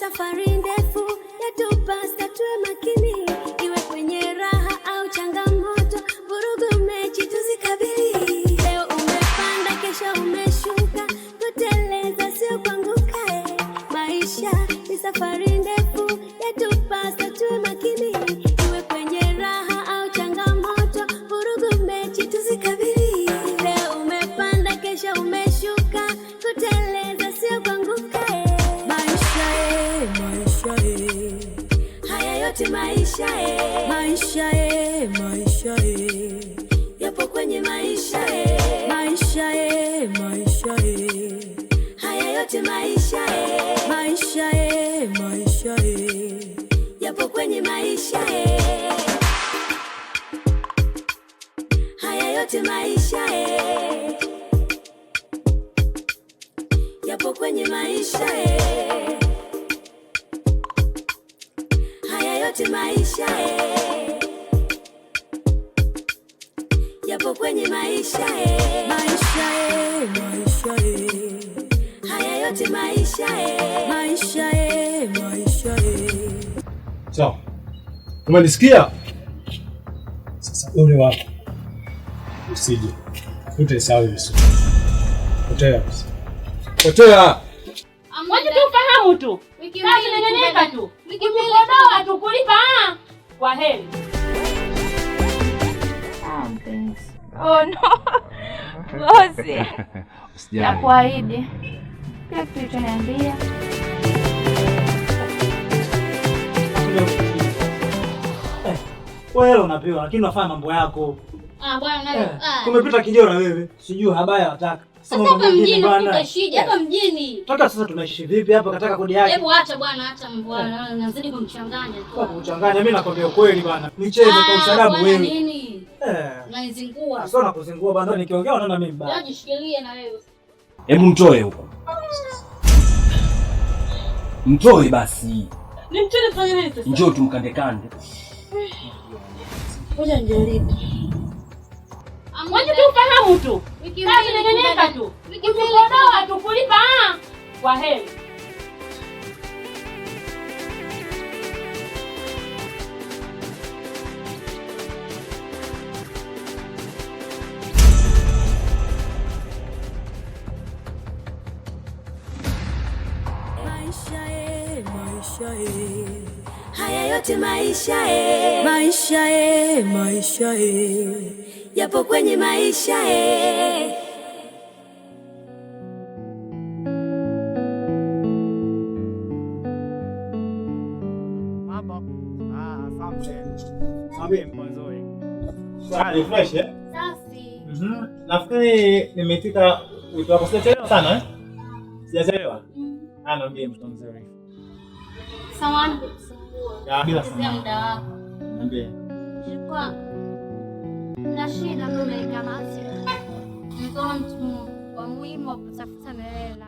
safari ndefu yatupasa tuwe makini, iwe kwenye raha au changamoto, vurugu maisha eh. Haya yote maisha eh. Yapo kwenye maisha eh. Haya yote maisha eh. Yapo kwenye maisha eh. Maisha eh, maisha eh. Haya yote maisha eh. Maisha eh, maisha eh. So. Umenisikia? Sasa ule wako, usije utesahau Yesu. Potea potea, ngoja tu ufahamu tu, ikineneneka tu, ikidodoa tu kulipa. Ah! Kwa heri. Ah, oh no, bosi, nakuahidi kila kitu utaniambia. Wewe hela unapewa lakini unafanya mambo yako. Ah bwana nani? Eh, ah. Kumepita kijora wewe. Sijui habaya wataka. Sasa hapa mjini kuna shida. Hapa mjini. Toka sasa tunaishi vipi hapa kataka kodi yake? Hebu acha bwana, acha mbwana. Eh. Nazidi kumchanganya tu. Kwa kumchanganya mimi nakwambia ukweli bwana. Nicheze kwa ah, usalama wewe. Nini? Eh. Unanizingua. Sasa Kuzingua bwana, nikiongea unaona mimi bwana. Jishikilie yaani na wewe. Hebu mtoe huko. Mtoe basi. Nimtoe fanya nini sasa? Njoo tumkande kande. Ngoja nijaribu. Ngoja tu ufahamu tu. Kazi inanenyeka tu. Ukiondoa tu kulipa ah! Kwa heri. yote maisha e, maisha e, maisha e, yapo kwenye maisha e. Nafikiri nimefika wito wako, sijachelewa sana, sijachelewa. Naambia mtu mzuri muda wako na shida naikamasi nikuwa mtu wa muhimu wa kutafuta na hela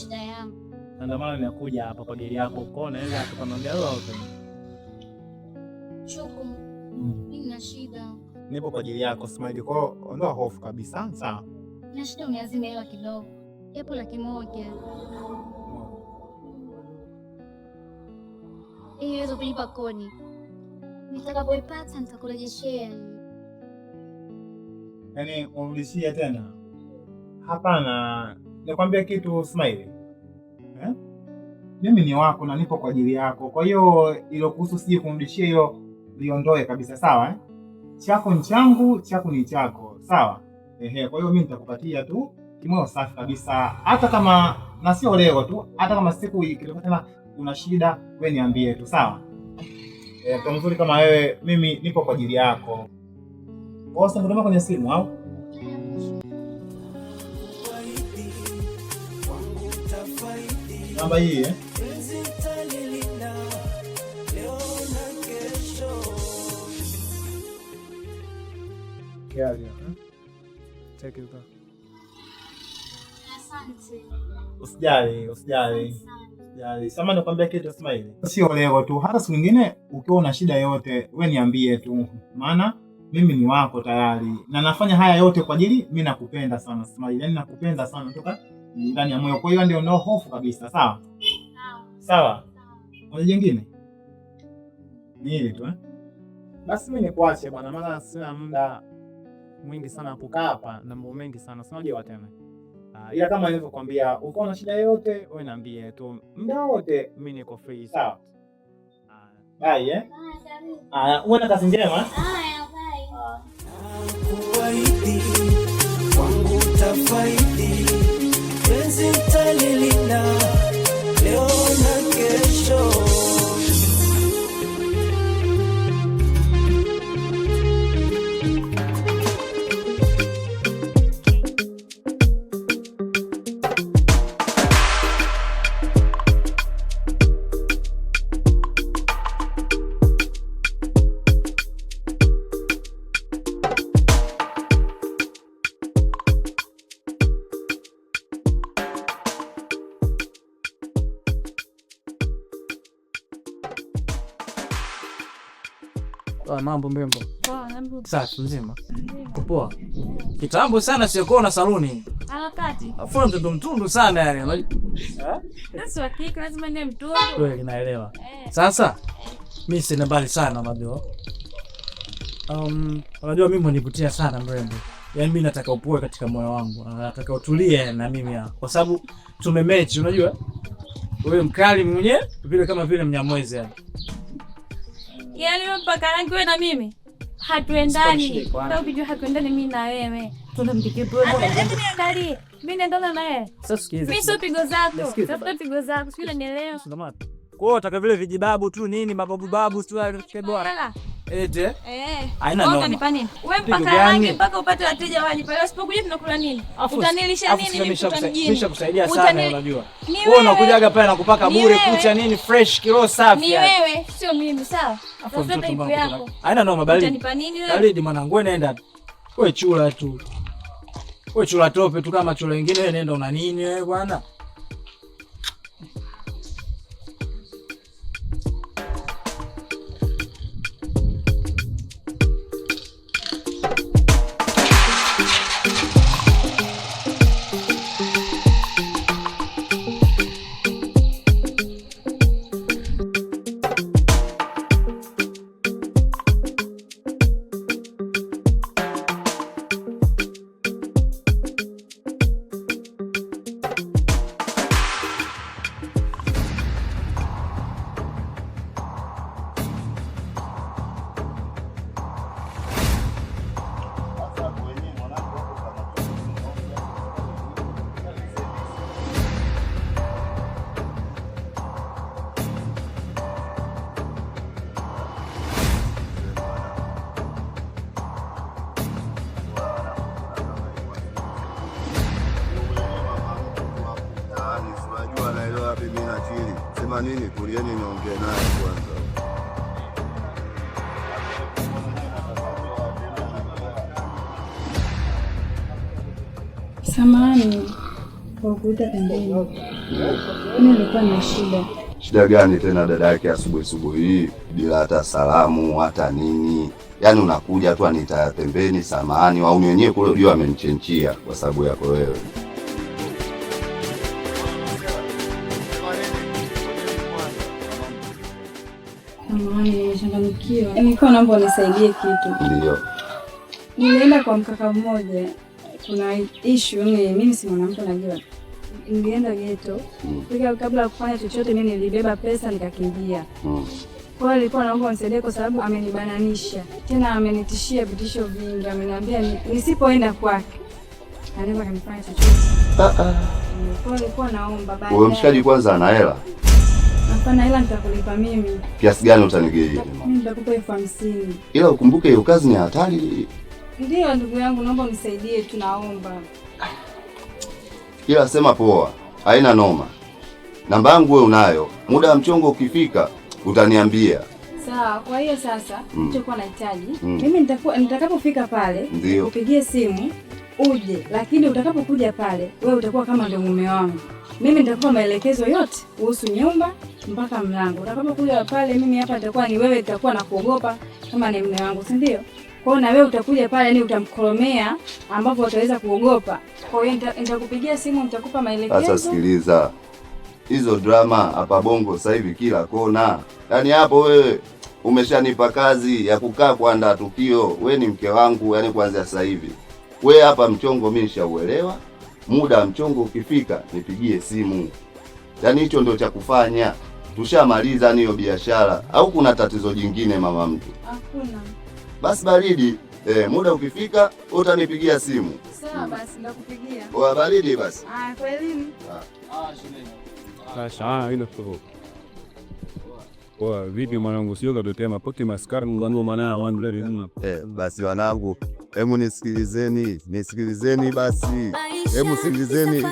shida yangu, ndio maana ninakuja hapa kwa ajili yako. Kwa naweza kukuambia lolote Chuku, mimi na shida, nipo kwa ajili yako Smile, kwa ondoa hofu kabisa. Sawa, na shida uniazime hela kidogo, yapo laki moja. hiyo kulipa kodi. Nitakapoipata nitakurejeshea. Yaani urudishie tena? Hapana, nakwambia kitu Smile. Eh? Mimi ni wako na nipo kwa ajili yako, kwa hiyo ilo kuhusu sije kumrudishia hilo liondoe kabisa, sawa eh? Chako ni changu, chako ni chako, sawa ehe. Kwa hiyo mimi nitakupatia tu kimoyo safi kabisa, hata kama na sio leo tu, hata kama siku ikitokea tena una shida, wewe niambie tu, sawa? E, kwa mzuri kama wewe, mimi nipo kwa ajili yako. Osangudoma kwenye simu au namba hii eh? Eh? Usijali, usijali. Sio leo tu, hata siku nyingine ukiwa una shida yote, we niambie tu, maana mimi ni wako tayari, na nafanya haya yote kwa ajili mi nakupenda sana Smaili, yani nakupenda sana toka ndani ya moyo. Kwa hiyo ndio nao hofu kabisa. Sawa sawa, kuna jingine ni hili tu eh? Basi mi nikuache bwana, maana sina muda mwingi sana kukaa hapa na mambo mengi sana, sinajewa tena. Uh, ah, ila kama nilivyokuambia, uko na shida yoyote wewe niambie tu, mda wote mimi niko free. Sawa. Ah. Bye eh. Ah, uwe na kazi njema. Haya, ah, bye. Kwangu tafaidi penzi mtalilina mambo mrembo? Safi mzima. Poa. Kitambo sana siokuwa na saluni. Afu ah, ah, mtoto mtundu sana yani. Eh? Eh? Kweli naelewa. Eh. Sasa mi sina mbali sana unajua. Um, unajua mimi univutia sana mrembo. Yaani mimi nataka upoe katika moyo wangu. Nataka utulie na mimi hapa. Kwa sababu tumemechi unajua. Wewe mkali mwenye vile kama vile Mnyamwezi yani. Yaani mpaka rangi wewe na mimi hatuendani. Sasa ukijua hatuendani mimi na wewe. niangalie. Mimi naendana na yeye. Sasa sikiza. Mimi sio pigo zako. Tafuta pigo zako. Sio nielewa. Kwa hiyo utaka vile vijibabu tu nini mababu babu tu bora. Ete? Eh. Haina noma. Unanipa nini? Wewe mpaka rangi mpaka upate wateja walipa. Wewe usipokuja tunakula nini? Utanilisha nini? Mimi utanisaidia. Nimeshakusaidia sana unajua. Wewe unakuja hapa na kupaka bure kucha nini fresh kilo safi. Ni wewe, sio mimi, sawa? Afu ipo yako. Haina noma bali. Utanipa nini wewe? Bali mwanangu naenda. Wewe chula tu. Wewe chula tope tu kama chula wengine wewe nenda una nini wewe bwana? kama nini? kulieni yaani niongee naye kwanza. Samani kwa kuita pembeni, mimi nilikuwa na shida. Shida gani tena dada yake? Asubuhi asubuhi hii bila hata salamu hata nini, yaani unakuja tu anitaya pembeni, samani, Au ni wenyewe kule juu amenichenchia kwa sababu yako wewe. Nimechanganyikiwa, nilikuwa naomba unisaidie kitu. Ndio, nilienda kwa mkaka mmoja, kuna issue. Mimi si mwanamke, najua. Nilienda geto mm. Kabla ya kufanya chochote, mimi nilibeba pesa nikakimbia mm. Kwa hiyo nilikuwa naomba unisaidie, kwa sababu amenibananisha tena, amenitishia vitisho vingi, ameniambia nisipoenda kwake anaweza kanifanya chochote. Ah, ah. Nilikuwa naomba Wewe mshikaji, kwanza ana hela Hapana, hela nitakulipa mimi. Kiasi gani utanigeia? Mimi nitakupa elfu hamsini. Ila ukumbuke hiyo kazi ni hatari. Ndio ndugu yangu, naomba unisaidie, tunaomba. Ila sema poa, haina noma. Namba yangu wewe unayo, muda wa mchongo ukifika utaniambia. Sawa, kwa hiyo sasa, mm. nilichokuwa mm. nahitaji mm. mimi nitakapofika pale ndio upigie simu uje, lakini utakapokuja pale wewe utakuwa kama ndio mume wangu. Mimi nitakupa maelekezo yote kuhusu nyumba mpaka mlango. Utakapokuja pale, mimi hapa nitakuwa ni wewe, nitakuwa nakuogopa kama ni mume wangu, si ndio? Kwa hiyo na wewe utakuja pale, ni utamkoromea ambapo utaweza kuogopa. Kwa hiyo nitakupigia simu, nitakupa maelekezo. Sasa sikiliza, hizo drama hapa Bongo sasa hivi kila kona, yaani hapo wewe umeshanipa kazi ya kukaa kuandaa tukio. Wewe ni mke wangu, yani kuanzia sasa hivi we hapa mchongo mimi nishauelewa, muda wa mchongo ukifika nipigie simu. Yaani hicho ndio cha kufanya, tushamaliza niyo biashara. Au kuna tatizo jingine mama mtu? Hakuna. Basi baridi eh, muda ukifika utanipigia simu. Sawa basi ndakupigia. Baridi basi. Ah, kwa elimu. Ah. Ah, shuleni. Ah, shuleni. Poa, vipi mwanangu, sio tema poti maskari mwanangu mwanao wangu leo mna. Eh, basi wanangu, hebu nisikilizeni, nisikilizeni basi. Hebu sikilizeni.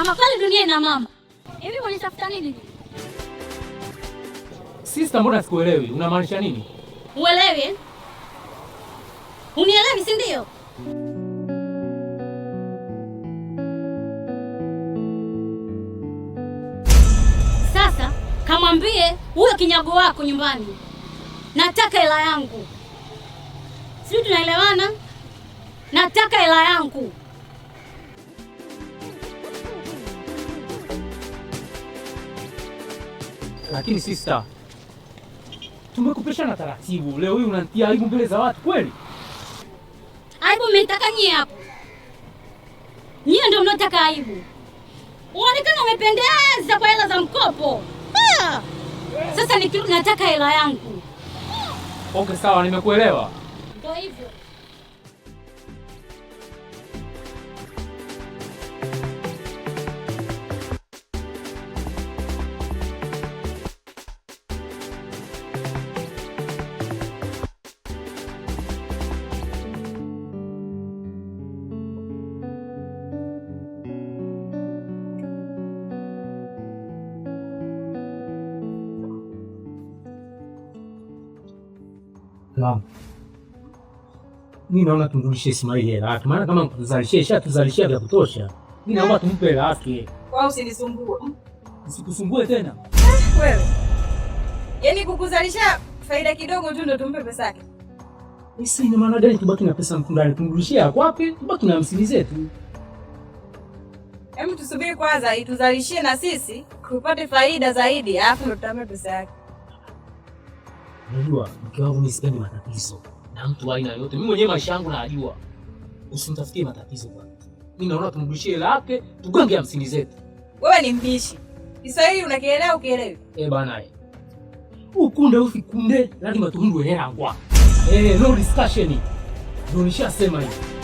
Ama pale dunia ina mama. Hivi unitafuta nini? Sista, mbona sikuelewi? Unamaanisha nini? Uelewi? Eh? Unielewi si ndio? Sasa kamwambie huyo kinyago wako nyumbani. Nataka hela yangu. Sisi tunaelewana? Nataka hela yangu. Lakini sister, tumekupeshana taratibu. Leo hii unanitia aibu mbele za watu kweli? Aibu mmetaka nyie hapo, nyie ndio mnataka aibu. Unaonekana umependeza kwa hela za mkopo. Sasa nikirudi nataka hela yangu. Okay, sawa, nimekuelewa. Ndio hivyo. mama, mimi naona tumrudishie Ismail hela yake, maana kama mtuzalishie isha vya kutosha. Mimi naomba tumpe hela yake. Kwa usinisumbue. Usikusumbue tena wewe. Yaani kukuzalisha faida kidogo tu ndo tumpe pesa yake. Isi ina maana gani tubaki na pesa mkundani? Tumrudishie wapi? tubaki na hamsini zetu. Hebu tusubiri kwanza ituzalishie na sisi tupate faida zaidi, alafu ndo tutampe pesa yake. Unajua mke wangu mimi sipendi matatizo na mtu aina yote. Mimi mwenyewe maisha yangu najua, usimtafutie matatizo bwana. Mimi naona tumrudishie hela yake, tugonge hamsini zetu. Wewe ni mbishi, Kiswahili unakielewa ukielewi? Eh bana, eh. ukunde ufikunde, lazima tumrudie hela kwa. Eh, no discussion, ndio nishasema hivi.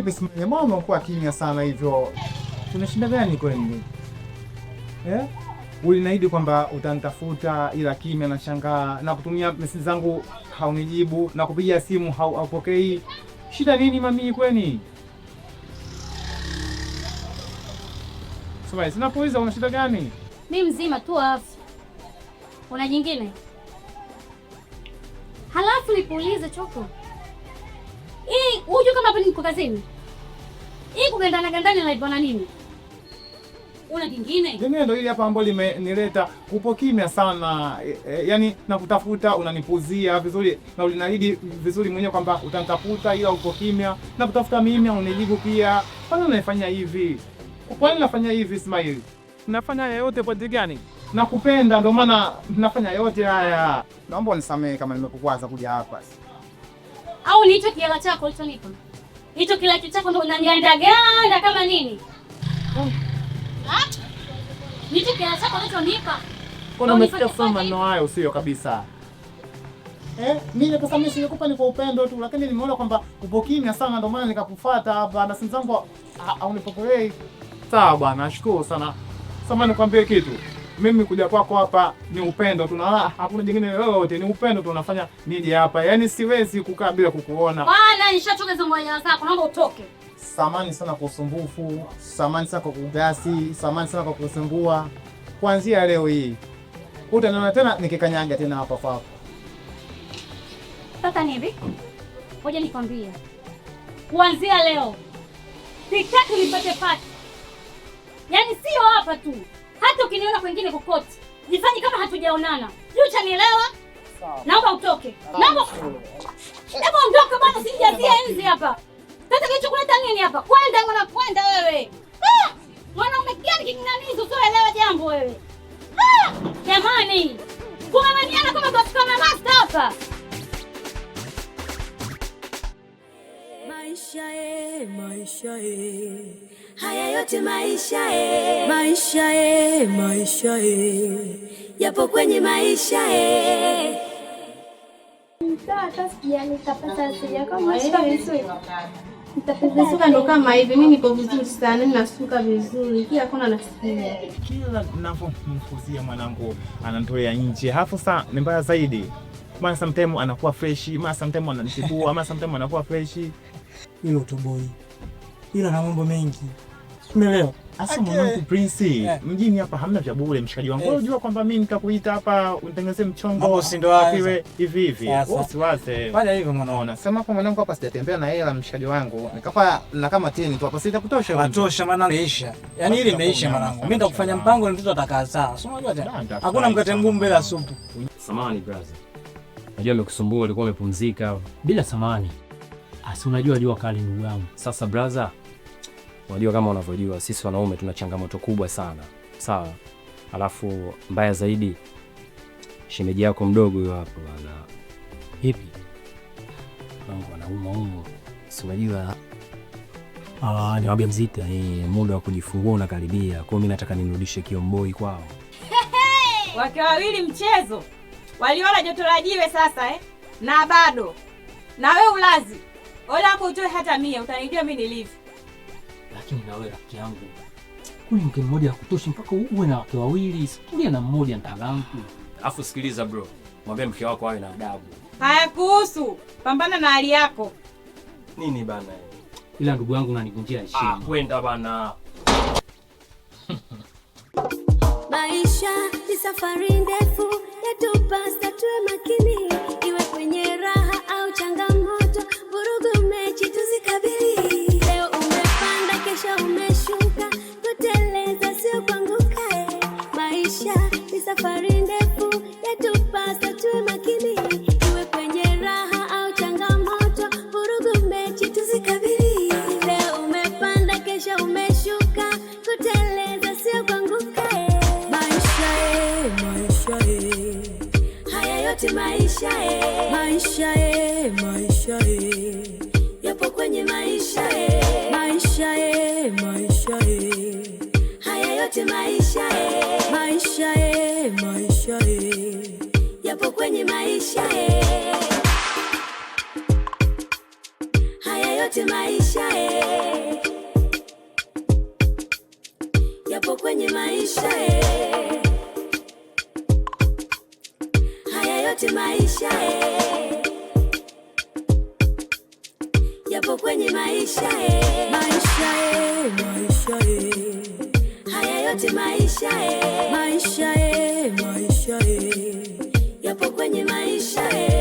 Vipi Simanyemoa, umekuwa kimya sana hivyo, tuna shida gani kweli eh? Ulinaidi kwamba utanitafuta ila kimya, shangaa na kutumia message zangu haunijibu, na kupiga simu haupokei. Shida nini mami kweni Sasa sinakuuliza una shida gani? Mimi mzima tu afu. Una jingine? Halafu nikuulize choko Unajua kama hapa niko kazini. Hii kugandana gandana na ibona nini? Una kingine? Dunia ndio ile hapa ambayo limenileta kupo kimya sana. E, e, yaani nakutafuta unanipuzia vizuri na ulinahidi vizuri mwenyewe kwamba utanitafuta ila uko kimya. Nakutafuta mimi unijibu pia. Kwani unafanya hivi? Kwani unafanya hivi Ismail? Nafanya yote kwa gani? Nakupenda ndio maana nafanya yote haya. Naomba unisamehe kama nimekukwaza kuja hapa au ni hicho kiela chako ulichonipa? Hicho kitu chako ndo ganda kama nini? Ni hicho kiela chako ulichonipa? Kuna umesikia kusema maneno hayo, sio kabisa. Eh, mimi pesa mimi sikupa ni kwa upendo tu, lakini nimeona kwamba upo kimya sana, ndio maana nikakufuata hapa na simu zangu haunipokelei. Sawa bwana, nashukuru sana. Samahani nikwambie kitu mimi kuja kwako hapa ni upendo tu, na hakuna jingine yoyote, ni upendo tu unafanya nije hapa. Yaani siwezi kukaa bila kukuona bwana, nishachoka hizo ngoja zako, naomba utoke. Samani sana kwa usumbufu, samani sana kwa kugasi, samani sana kwa kusumbua. Kuanzia leo hii utaniona tena nikikanyaga tena hapa kwako. Sasa ni hivi, ngoja nikwambie, kuanzia leo sitaki nipate pati, yaani sio hapa tu hata ukiniona kwingine kokote jifanye kama hatujaonana. Juu chanielewa? Naomba utoke, ah, naomba hebu ondoka bwana, sijazia enzi hapa. Sasa kilichokuleta nini hapa? Kwenda mwana, kwenda wewe. Ah! Mwanaume gani king'anizi usioelewa jambo wewe? Jamani, Ah! Jamani, kung'ang'aniana kama katika mamasta hapa. Maisha e, maisha e haya yote maisha e, maisha e, maisha e, yapo kwenye maisha e. Nitapepasuka ndo kama hivi. Mimi nipo vizuri sana, nasuka vizuri, kila kona nasikia. Eh. Kila ninavyomfuzia mwanangu anatolea nje, halafu saa ni mbaya zaidi, mara sometime anakuwa freshi mara sometime ananitibua, mara sometime anakuwa freshi Hilo toboi ila na mambo mengi Tumeelewa. Asa mwanangu Prince, yeah. Mjini hapa hamna vya bure mshikaji wangu. Wewe yeah. Unajua kwamba mimi nikakuita hapa unitengenezee mchongo. Mambo si ndo hivi hivi. Usiwaze. Fanya hivyo mwanaona. Sema kwa mwanangu hapa sijatembea na hela mshikaji wangu. Nikakwa na kama teni tu hapa sita kutosha. Kutosha maana imeisha. Yaani ile imeisha mwanangu. Mimi nitakufanya mpango ni mtoto atakaa sawa. Si unajua tena. Hakuna mkate mgumu bila supu. Samani brother. Najua nimekusumbua, alikuwa amepumzika Bila samani. Asi ah, unajua jua kali ndugu yangu. Sasa brother, Unajua kama unavyojua sisi wanaume tuna changamoto kubwa sana, sawa. Alafu mbaya zaidi, shemeji yako mdogo huyo hapo bana. Hivi Mungu anauma umo, si unajua ah, niwaambia mzita eh, muda wa kujifungua unakaribia. Kwa hiyo mimi nataka nimrudishe Kiomboi kwao. Wake wawili mchezo, waliona joto la jiwe sasa eh? na bado na we ulazi olapo utoe hata mia, utanijua mimi nilivyo lakini na wewe rafiki yangu, kuni mke mmoja hakutoshi mpaka uwe na wake wawili. Sikulia na mmoja ntalangu. Alafu sikiliza bro, mwambie mke wako awe na adabu. Haya, kuhusu pambana na hali yako nini bana, ila ndugu yangu unanivunjia heshima. Ah, kwenda bana maisha ni safari ndefu, yatupasa tuwe makini, iwe kwenye raha au changamoto, vurugu, mechi tuzikabili. safari ndefu yatupasa tuwe makini, iwe kwenye raha au changamoto, vurugu, mechi tuzikabili. Leo umepanda, kesha umeshuka, kuteleza sio kuanguka. Maisha e, maisha e, haya yote maisha e, maisha e, maisha e, yapo kwenye maisha e, maisha e, maisha e, haya yote maisha e. kwenye maisha eh. Haya yote maisha eh. Yapo kwenye maisha eh. Haya yote maisha eh. Yapo kwenye maisha eh. Maisha eh, maisha eh. Haya yote maisha eh. Maisha eh, maisha eh. maisha yetu